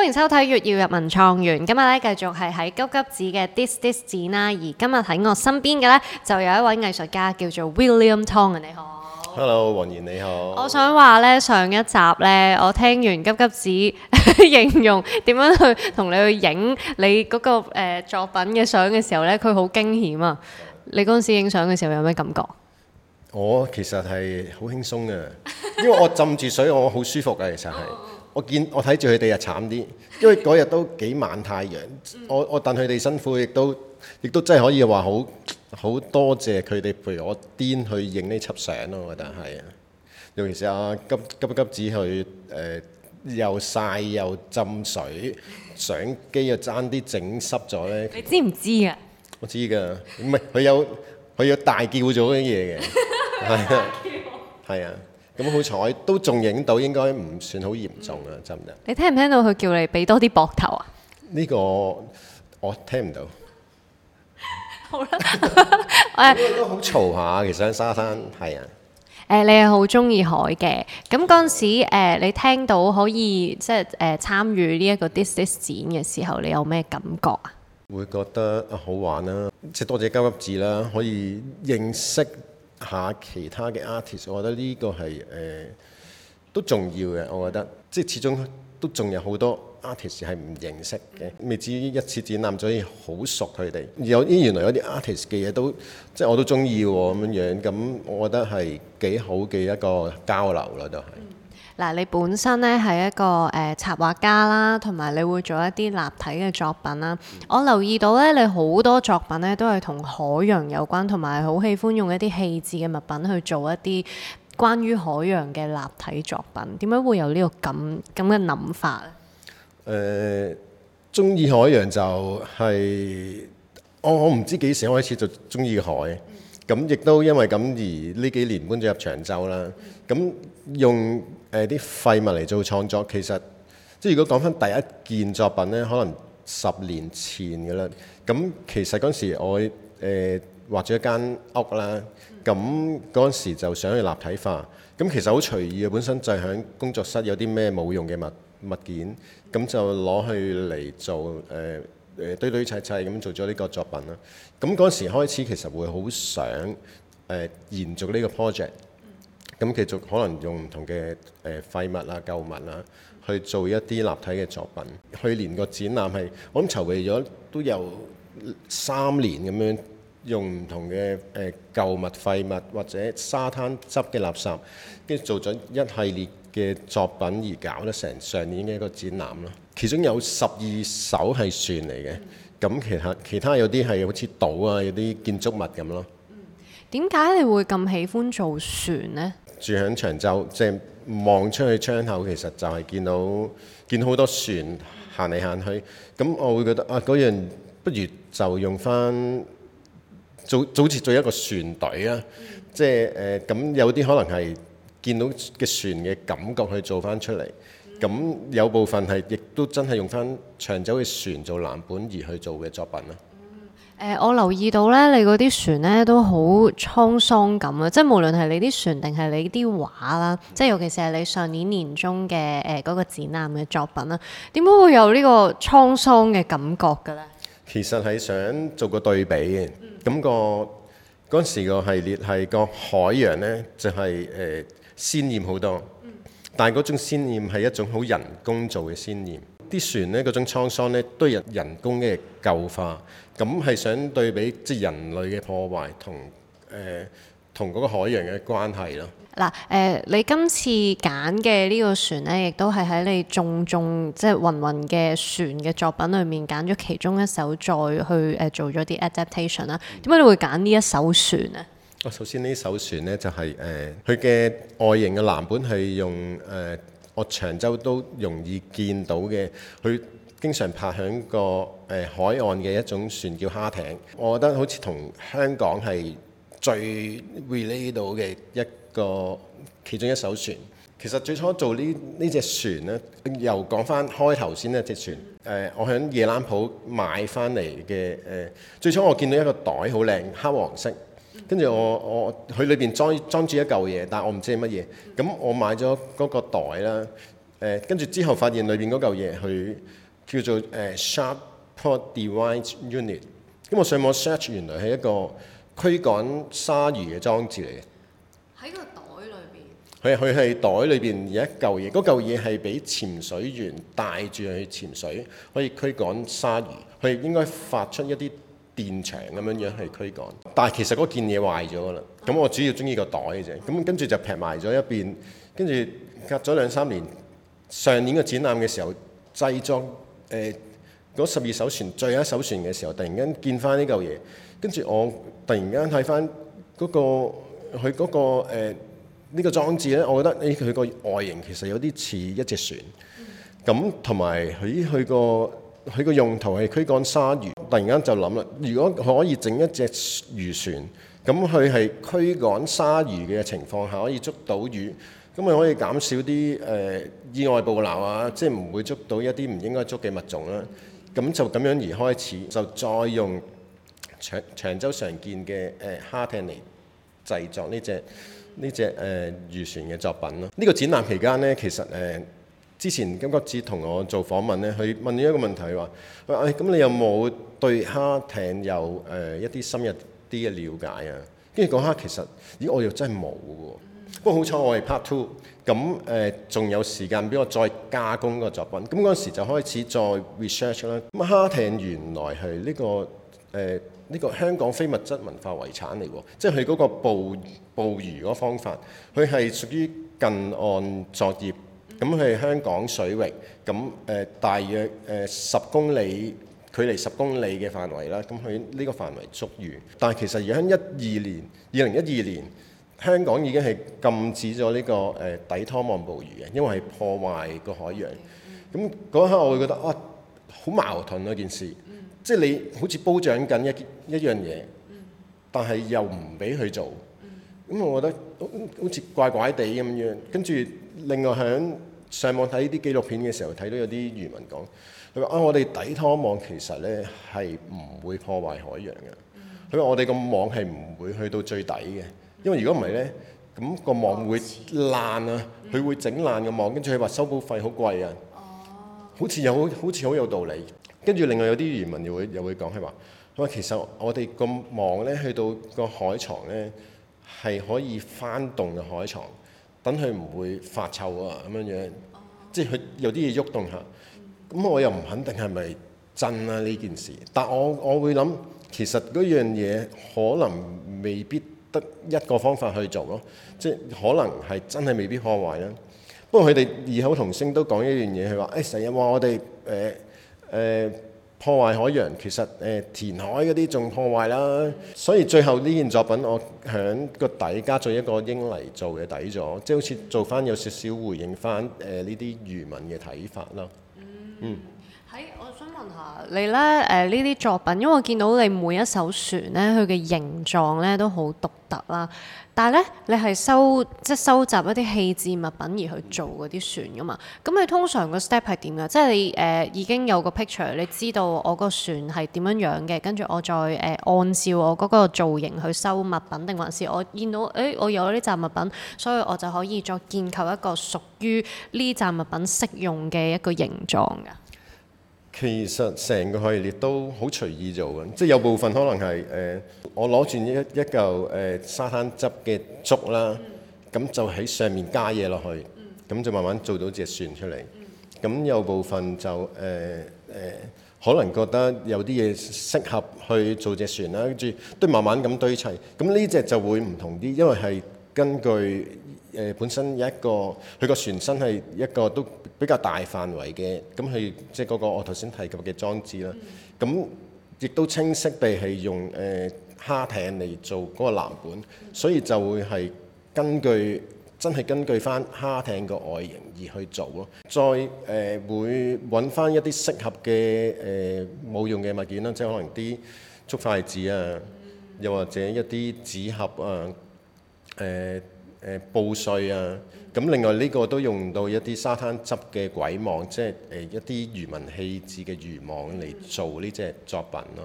歡迎收睇《月曜日文創園》，今日咧，繼續係喺急急子嘅 This This 展啦。而今日喺我身邊嘅咧，就有一位藝術家叫做 William Tong 啊。你好，Hello，王賢你好。我想話咧，上一集咧，我聽完急急子形容點樣去同你去影你嗰個誒作品嘅相嘅時候咧，佢好驚險啊！你嗰陣時影相嘅時候有咩感覺？我其實係好輕鬆嘅，因為我浸住水，我好舒服嘅，其實係。我見我睇住佢哋日慘啲，因為嗰日都幾晚太陽，嗯、我我戥佢哋辛苦，亦都亦都真係可以話好好多謝佢哋陪我癲去影呢輯相咯，我覺得係啊，尤其是啊急，急急急子去，誒、呃、又曬又浸水，相機又爭啲整濕咗咧。你知唔知啊？我知噶，唔係佢有佢有大叫咗啲嘢嘅，係 啊，係啊。咁好彩，都仲影到，應該唔算好嚴重啊，真唔真？你聽唔聽到佢叫你俾多啲膊頭啊？呢個我聽唔到。好啦。誒，都好嘈下，其實喺沙灘，係啊。誒，你係好中意海嘅。咁嗰陣時，誒，你聽到可以即係誒參與呢一個 This This 展嘅時候，你有咩感覺啊？會覺得好玩啦，即係多謝交級字啦，可以認識。下其他嘅 artist，我覺得呢個係誒、呃、都重要嘅。我覺得即係始終都仲有好多 artist 係唔認識嘅，未至於一次展覽所以好熟佢哋。有啲原來有啲 artist 嘅嘢都即係我都中意喎咁樣樣，咁我覺得係幾好嘅一個交流咯都係。嗯嗱，你本身咧係一個誒插畫家啦，同埋你會做一啲立體嘅作品啦。我留意到咧，你好多作品咧都係同海洋有關，同埋好喜歡用一啲棄置嘅物品去做一啲關於海洋嘅立體作品。點解會有呢、這個咁咁嘅諗法咧？誒、呃，中意海洋就係、是、我我唔知幾時開始就中意海，咁亦都因為咁而呢幾年搬咗入長洲啦。咁用誒啲廢物嚟做創作，其實即係如果講翻第一件作品咧，可能十年前嘅啦。咁其實嗰時我誒畫咗一間屋啦，咁嗰時就想去立體化。咁其實好隨意嘅，本身就喺工作室有啲咩冇用嘅物物件，咁就攞去嚟做誒誒、呃、堆堆砌砌咁做咗呢個作品啦。咁嗰時開始其實會好想誒、呃、延續呢個 project。咁繼續可能用唔同嘅誒廢物啊、舊物啊去做一啲立體嘅作品。去年個展覽係我諗籌備咗都有三年咁樣，用唔同嘅誒舊物、廢物或者沙灘執嘅垃圾，跟住做咗一系列嘅作品而搞得成上年嘅一個展覽咯。其中有十二艘係船嚟嘅，咁其他其他有啲係好似島啊，有啲建築物咁咯。點解你會咁喜歡做船呢？住喺長洲，即係望出去窗口，其實就係見到見到好多船行嚟行去。咁我會覺得啊，嗰樣不如就用翻組好似做一個船隊啊。即係誒，咁有啲可能係見到嘅船嘅感覺去做翻出嚟。咁有部分係亦都真係用翻長洲嘅船做藍本而去做嘅作品啦。誒、呃，我留意到咧，你嗰啲船咧都好滄桑感啊！即係無論係你啲船定係你啲畫啦，即係尤其是係你上年年中嘅誒嗰個展覽嘅作品啦，點解會有呢個滄桑嘅感覺嘅咧？其實係想做個對比，嘅、嗯。咁、那個嗰時個系列係個海洋咧，就係、是、誒、呃、鮮豔好多，嗯、但係嗰種鮮豔係一種好人工做嘅鮮豔。啲船咧嗰種滄桑咧都人人工嘅舊化，咁係想對比即係人類嘅破壞同誒同嗰個海洋嘅關係咯。嗱誒、啊呃，你今次揀嘅呢個船咧，亦都係喺你重重即係芸芸嘅船嘅作品裏面揀咗其中一艘再去誒、呃、做咗啲 adaptation 啦、啊。點解你會揀呢一艘船啊？啊，首先呢艘船咧就係誒佢嘅外形嘅藍本係用誒。呃我長洲都容易見到嘅，佢經常泊喺個誒、呃、海岸嘅一種船叫蝦艇。我覺得好似同香港係最 relate 到嘅一個其中一艘船。其實最初做呢呢隻船咧、呃，又講翻開頭先呢隻船。誒、呃，我喺夜蘭浦買翻嚟嘅誒，最初我見到一個袋好靚，黑黃色。跟住我我佢裏邊裝裝住一嚿嘢，但我唔知係乜嘢。咁我買咗嗰個袋啦。誒、呃，跟住之後發現裏邊嗰嚿嘢，佢叫做誒、呃、Sharp Pod Device Unit。咁我上網 search，原來係一個驅趕鯊魚嘅裝置嚟嘅。喺個袋裏邊。係佢係袋裏邊有一嚿嘢。嗰嚿嘢係俾潛水員帶住去潛水，可以驅趕鯊魚。佢應該發出一啲，現場咁樣樣去驅趕，但係其實嗰件嘢壞咗啦。咁我主要中意個袋嘅啫。咁跟住就劈埋咗一邊，跟住隔咗兩三年，上年嘅展覽嘅時候，製作嗰十二艘船最後一艘船嘅時候，突然間見翻呢嚿嘢，跟住我突然間睇翻嗰個佢嗰、嗰個呢、呃這個裝置呢，我覺得誒佢個外形其實有啲似一隻船，咁同埋佢去個。去過佢個用途係驅趕鯊魚，突然間就諗啦，如果可以整一隻漁船，咁佢係驅趕鯊魚嘅情況下可以捉到魚，咁咪可以減少啲誒、呃、意外捕撈啊，即係唔會捉到一啲唔應該捉嘅物種啦。咁、啊、就咁樣而開始，就再用長長洲常見嘅誒、呃、蝦艇嚟製作呢隻呢隻誒漁船嘅作品咯。呢、啊呢個展覽期間呢，其實誒。呃之前金國志同我做訪問咧，佢問咗一個問題，佢話：，佢話、哎、咁你有冇對蝦艇有誒、呃、一啲深入啲嘅了解啊？跟住嗰刻其實，咦，我又真係冇嘅。不過好彩我係 part two，咁誒仲有時間俾我再加工個作品。咁嗰陣時就開始再 research 啦。咁蝦艇原來係呢、呢個誒呢、呃呢個香港非物質文化遺產嚟喎，即係佢嗰個捕捕魚嗰方法，佢係屬於近岸作業。咁佢係香港水域，咁誒大約誒十公里距離十公里嘅範圍啦，咁喺呢個範圍捉魚。但係其實而家一二年，二零一二年，香港已經係禁止咗呢個誒底拖網捕魚嘅，因為係破壞個海洋。咁嗰一刻我會覺得啊，好矛盾嗰件事，即係你好似保障緊一一件一樣嘢，但係又唔俾佢做。咁我覺得好似怪怪哋咁樣，跟住另外響，上網睇啲紀錄片嘅時候，睇到有啲漁民講：佢話啊，我哋底拖網其實呢係唔會破壞海洋嘅。佢話、mm hmm. 我哋個網係唔會去到最底嘅，因為如果唔係呢，咁、個網會爛啊，佢會整爛個網，跟住佢話修補費好貴啊。好似有好似好有道理。跟住另外有啲漁民又會又會講係話，佢話其實我哋個網呢，去到個海床呢，係可以翻動嘅海床。等佢唔會發臭啊咁樣樣，即係佢有啲嘢喐動，動下，咁我又唔肯定係咪真啊呢件事，但我我會諗，其實嗰樣嘢可能未必得一個方法去做咯，即係可能係真係未必破壞啦。不過佢哋異口同聲都講一樣嘢，佢話誒成日話我哋誒誒。呃呃破壞海洋，其實誒填海嗰啲仲破壞啦，所以最後呢件作品我響個底加咗一個英泥做嘅底座，即係好似做翻有少少回應翻誒呢啲漁民嘅睇法咯，嗯。嗯下你咧？誒呢啲作品，因為我見到你每一艘船咧，佢嘅形狀咧都好獨特啦。但係咧，你係收即係收集一啲棄置物品而去做嗰啲船噶嘛？咁你通常個 step 係點㗎？即係你誒、呃、已經有個 picture，你知道我個船係點樣樣嘅，跟住我再誒、呃、按照我嗰個造型去收物品，定還是我見到誒、欸、我有呢啲物品，所以我就可以再建構一個屬於呢啲物品適用嘅一個形狀㗎？其實成個系列都好隨意做嘅，即係有部分可能係誒、呃，我攞住一一嚿誒、呃、沙灘汁沙灘執嘅竹啦，咁、嗯、就喺上面加嘢落去，咁、嗯、就慢慢做到隻船出嚟。咁、嗯、有部分就誒誒、呃呃，可能覺得有啲嘢適合去做隻船啦，跟住都慢慢咁堆砌。咁呢隻就會唔同啲，因為係根據誒、呃、本身一個佢個船身係一個都，比較大範圍嘅，咁佢即係嗰個我頭先提及嘅裝置啦。咁亦、mm hmm. 都清晰地係用誒蝦、呃、艇嚟做嗰個藍本，mm hmm. 所以就會係根據真係根據翻蝦艇嘅外形而去做咯。再誒、呃、會揾翻一啲適合嘅誒冇用嘅物件啦，即係可能啲竹筷子啊，mm hmm. 又或者一啲紙盒啊，誒、呃。誒布碎啊，咁另外呢個都用到一啲沙灘執嘅鬼網，即係誒一啲漁民棄置嘅漁網嚟做呢隻作品咯。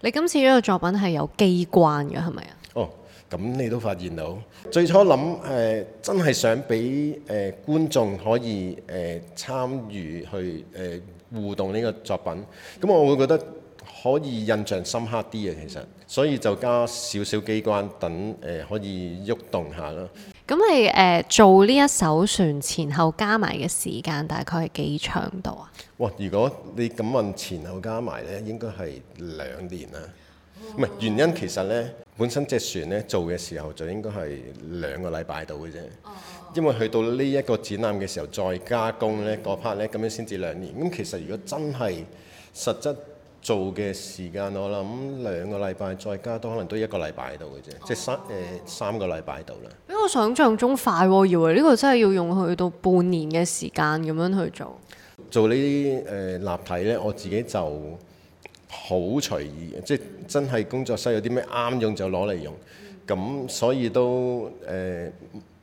你今次呢個作品係有機關嘅係咪啊？是是哦，咁你都發現到，最初諗誒、呃、真係想俾誒、呃、觀眾可以誒、呃、參與去誒、呃、互動呢個作品，咁我會覺得。可以印象深刻啲啊，其實，所以就加少少機關等誒、呃、可以喐動，動下咯。咁你誒、呃、做呢一艘船前後加埋嘅時間大概係幾長度啊？哇！如果你咁問前後加埋呢應該係兩年啦。唔係、哦、原因其實呢，本身隻船呢做嘅時候就應該係兩個禮拜到嘅啫。哦、因為去到呢一個展覽嘅時候再加工呢嗰 part 呢，咁樣先至兩年。咁其實如果真係實質。做嘅時間我諗兩個禮拜，再加都可能都一個禮拜度嘅啫，oh. 即三誒、呃、三個禮拜度啦。比我想象中快喎，以為呢個真係要用去到半年嘅時間咁樣去做。做呢啲誒立體呢，我自己就好隨意，mm hmm. 即真係工作室有啲咩啱用就攞嚟用，咁、mm hmm. 所以都誒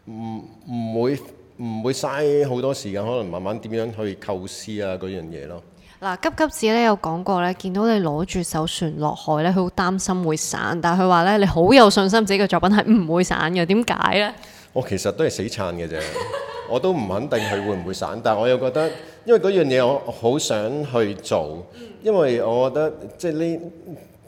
唔唔會。唔會嘥好多時間，可能慢慢點樣去構思啊嗰樣嘢咯。嗱，急急子咧有講過咧，見到你攞住手船落海咧，佢好擔心會散，但係佢話咧，你好有信心自己嘅作品係唔會散嘅。點解咧？我其實都係死撐嘅啫， 我都唔肯定佢會唔會散，但係我又覺得，因為嗰樣嘢我好想去做，因為我覺得即係呢，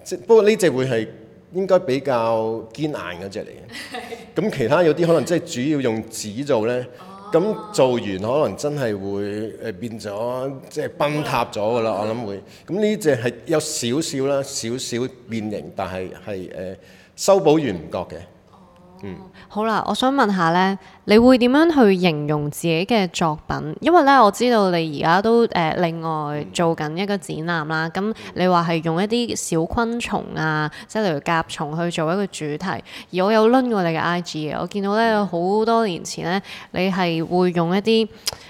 即，即不過呢隻會係應該比較堅硬嗰隻嚟嘅。咁 其他有啲可能即係主要用紙做咧。咁做完可能真係會誒變咗、呃，即係崩塌咗㗎啦！我諗會。咁呢隻係有少少啦，少少變形，但係係誒修補完唔覺嘅。嗯，好啦，我想問下咧，你會點樣去形容自己嘅作品？因為咧，我知道你而家都誒、呃、另外做緊一個展覽啦。咁你話係用一啲小昆蟲啊，即係例如甲蟲去做一個主題，而我有輪過你嘅 IG 嘅，我見到咧好多年前咧，你係會用一啲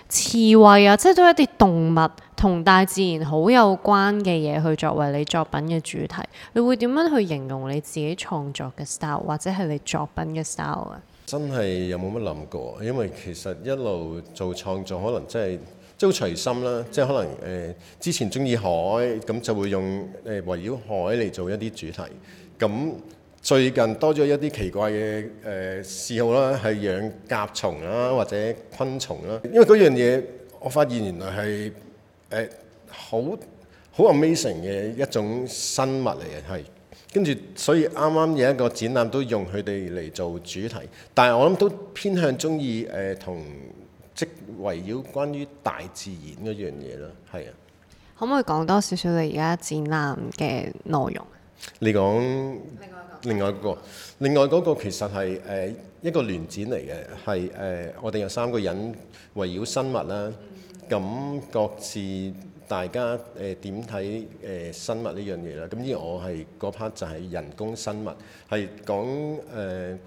刺猬啊，即係都係一啲動物。同大自然好有關嘅嘢，去作為你作品嘅主題，你會點樣去形容你自己創作嘅 style 或者係你作品嘅 style 啊？真係有冇乜諗過，因為其實一路做創作，可能真係都隨心啦。即係可能誒，之前中意海，咁就會用誒圍繞海嚟做一啲主題。咁最近多咗一啲奇怪嘅誒嗜好啦，係養甲蟲啦或者昆蟲啦，因為嗰樣嘢，我發現原來係，誒好好 amazing 嘅一種生物嚟嘅係，跟住所以啱啱有一個展覽都用佢哋嚟做主題，但係我諗都偏向鍾意誒同即圍繞關於大自然嗰樣嘢囉，係啊。可唔可以講多少少你而家展覽嘅內容？你講，另，另外一個，另外嗰個，另外嗰個其實係誒、uh, 一個聯展嚟嘅，係誒、uh, 我哋有三個人圍繞生物啦。嗯咁各自大家誒、呃、點睇誒、呃、生物呢樣嘢啦？咁而我係嗰 part 就係人工生物，係講誒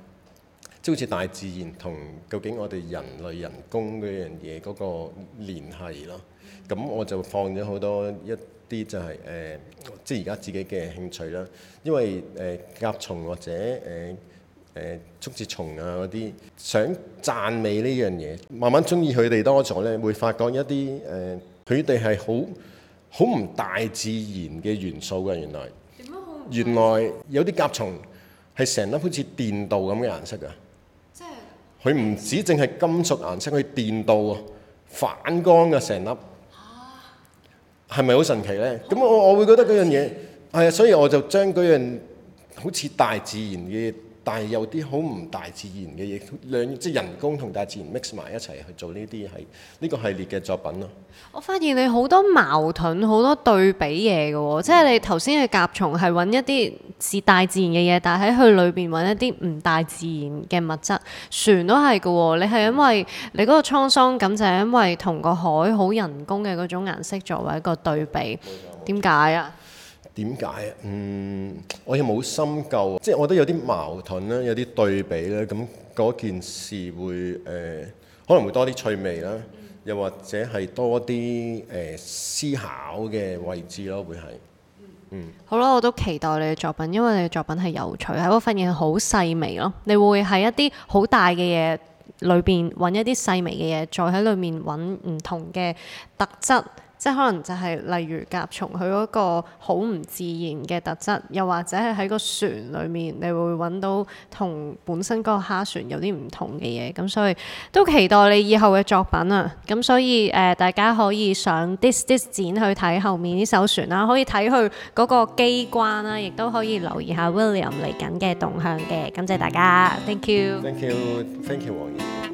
即好似大自然同究竟我哋人類人工嗰樣嘢嗰個聯繫咯。咁我就放咗好多一啲就係誒即係而家自己嘅興趣啦，因為誒、呃、甲蟲或者誒。呃誒竹節蟲啊嗰啲想讚美呢樣嘢，慢慢中意佢哋多咗呢，會發覺一啲誒，佢哋係好好唔大自然嘅元素嘅原來。點解好唔？原來有啲甲蟲係成粒好似電鍍咁嘅顏色啊！即係佢唔止淨係金屬顏色，佢電鍍啊，反光嘅成粒。嚇、啊！係咪好神奇呢？咁我我會覺得嗰樣嘢係啊，所以我就將嗰樣好似大自然嘅。但係有啲好唔大自然嘅嘢，兩即係人工同大自然 mix 埋一齊去做呢啲係呢個系列嘅作品囉。我發現你好多矛盾好多對比嘢㗎喎，即係你頭先嘅甲蟲係揾一啲似大自然嘅嘢，但係喺佢裏邊揾一啲唔大自然嘅物質。船都係㗎喎，你係因為你嗰個滄桑感就係因為同個海好人工嘅嗰種顏色作為一個對比，點解啊？點解？嗯，我又冇深究，即係我覺得有啲矛盾啦，有啲對比咧，咁嗰件事會誒、呃，可能會多啲趣味啦，又或者係多啲誒、呃、思考嘅位置咯，會係。嗯，好啦，我都期待你嘅作品，因為你嘅作品係有趣，喺我發現係好細微咯。你會喺一啲好大嘅嘢裏邊揾一啲細微嘅嘢，再喺裏面揾唔同嘅特質。即係可能就係例如甲蟲佢嗰個好唔自然嘅特質，又或者係喺個船裡面，你會揾到同本身嗰個蝦船有啲唔同嘅嘢，咁所以都期待你以後嘅作品啊！咁所以誒、呃，大家可以上 This This 展去睇後面呢艘船啦、啊，可以睇佢嗰個機關啦、啊，亦都可以留意下 William 嚟緊嘅動向嘅。感謝大家，thank you，thank you，thank you，William。